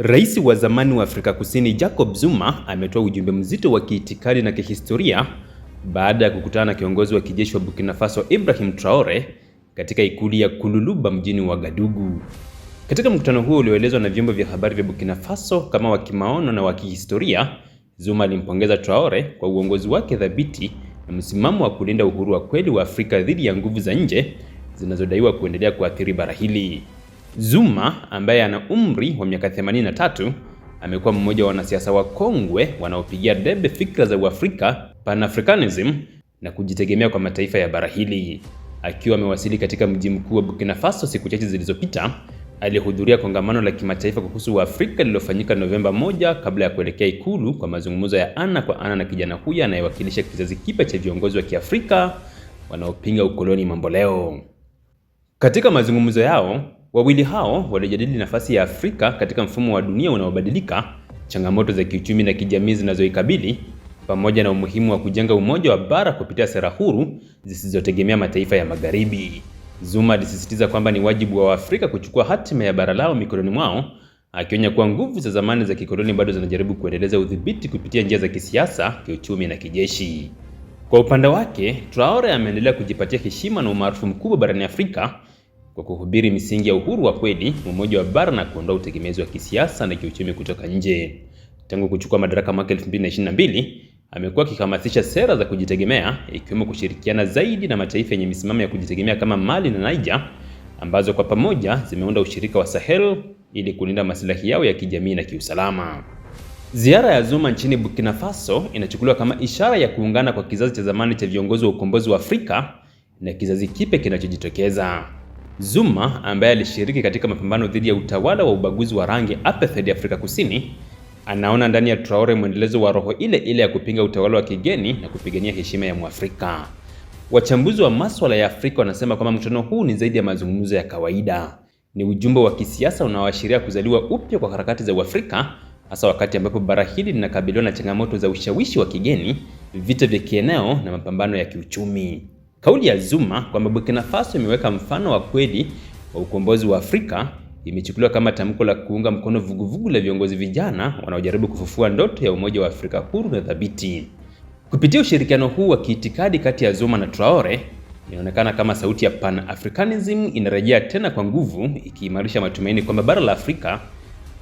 Rais wa zamani wa Afrika Kusini Jacob Zuma ametoa ujumbe mzito wa kiitikadi na kihistoria baada ya kukutana na kiongozi wa kijeshi wa Burkina Faso Ibrahim Traore katika ikulu ya Kululuba mjini Wagadugu. Katika mkutano huo ulioelezwa na vyombo vya habari vya Burkina Faso kama wa kimaono na wa kihistoria, Zuma alimpongeza Traore kwa uongozi wake thabiti na msimamo wa kulinda uhuru wa kweli wa Afrika dhidi ya nguvu za nje zinazodaiwa kuendelea kuathiri bara hili. Zuma ambaye ana umri wa miaka 83 amekuwa mmoja wa wanasiasa wakongwe wanaopigia debe fikra za Uafrika, Panafricanism na kujitegemea kwa mataifa ya bara hili. Akiwa amewasili katika mji mkuu wa Burkina Faso siku chache zilizopita, alihudhuria kongamano la kimataifa kuhusu Uafrika lililofanyika Novemba moja kabla ya kuelekea ikulu kwa mazungumzo ya ana kwa ana na kijana huyo anayewakilisha kizazi kipya cha viongozi wa Kiafrika wanaopinga ukoloni mamboleo. Katika mazungumzo yao Wawili hao walijadili nafasi ya Afrika katika mfumo wa dunia unaobadilika, changamoto za kiuchumi na kijamii zinazoikabili, pamoja na umuhimu wa kujenga umoja wa bara kupitia sera huru zisizotegemea mataifa ya Magharibi. Zuma alisisitiza kwamba ni wajibu wa Waafrika kuchukua hatima ya bara lao mikononi mwao, akionya kuwa nguvu za zamani za kikoloni bado zinajaribu kuendeleza udhibiti kupitia njia za kisiasa, kiuchumi na kijeshi. Kwa upande wake, Traore ameendelea kujipatia heshima na umaarufu mkubwa barani Afrika kwa kuhubiri misingi ya uhuru wa kweli, umoja wa bara na kuondoa utegemezi wa kisiasa na kiuchumi kutoka nje. Tangu kuchukua madaraka mwaka 2022 amekuwa akihamasisha sera za kujitegemea, ikiwemo kushirikiana zaidi na mataifa yenye misimamo ya kujitegemea kama Mali na Niger ambazo kwa pamoja zimeunda ushirika wa Sahel ili kulinda maslahi yao ya kijamii na kiusalama. Ziara ya Zuma nchini Burkina Faso inachukuliwa kama ishara ya kuungana kwa kizazi cha zamani cha viongozi wa ukombozi wa Afrika na kizazi kipya kinachojitokeza. Zuma ambaye alishiriki katika mapambano dhidi ya utawala wa ubaguzi wa rangi apartheid Afrika Kusini anaona ndani ya Traore mwendelezo wa roho ile ile ya kupinga utawala wa kigeni na kupigania heshima ya Mwafrika. Wachambuzi wa masuala ya Afrika wanasema kwamba mkutano huu ni zaidi ya mazungumzo ya kawaida. Ni ujumbe wa kisiasa unaoashiria kuzaliwa upya kwa harakati za Uafrika, hasa wakati ambapo bara hili linakabiliwa na changamoto za ushawishi wa kigeni, vita vya kieneo na mapambano ya kiuchumi. Kauli ya Zuma kwamba Burkina Faso imeweka mfano wa kweli wa ukombozi wa Afrika imechukuliwa kama tamko la kuunga mkono vuguvugu la viongozi vijana wanaojaribu kufufua ndoto ya umoja wa Afrika huru na thabiti. Kupitia ushirikiano huu wa kiitikadi kati ya Zuma na Traore, inaonekana kama sauti ya Pan-Africanism inarejea tena kwa nguvu, ikiimarisha matumaini kwamba bara la Afrika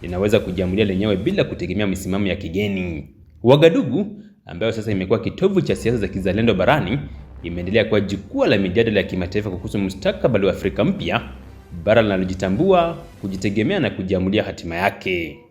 linaweza kujiamulia lenyewe bila kutegemea misimamo ya kigeni. Wagadugu ambayo sasa imekuwa kitovu cha siasa za kizalendo barani imeendelea kuwa jukwaa la mijadala ya kimataifa kuhusu mustakabali wa Afrika mpya, bara linalojitambua, kujitegemea na kujiamulia hatima yake.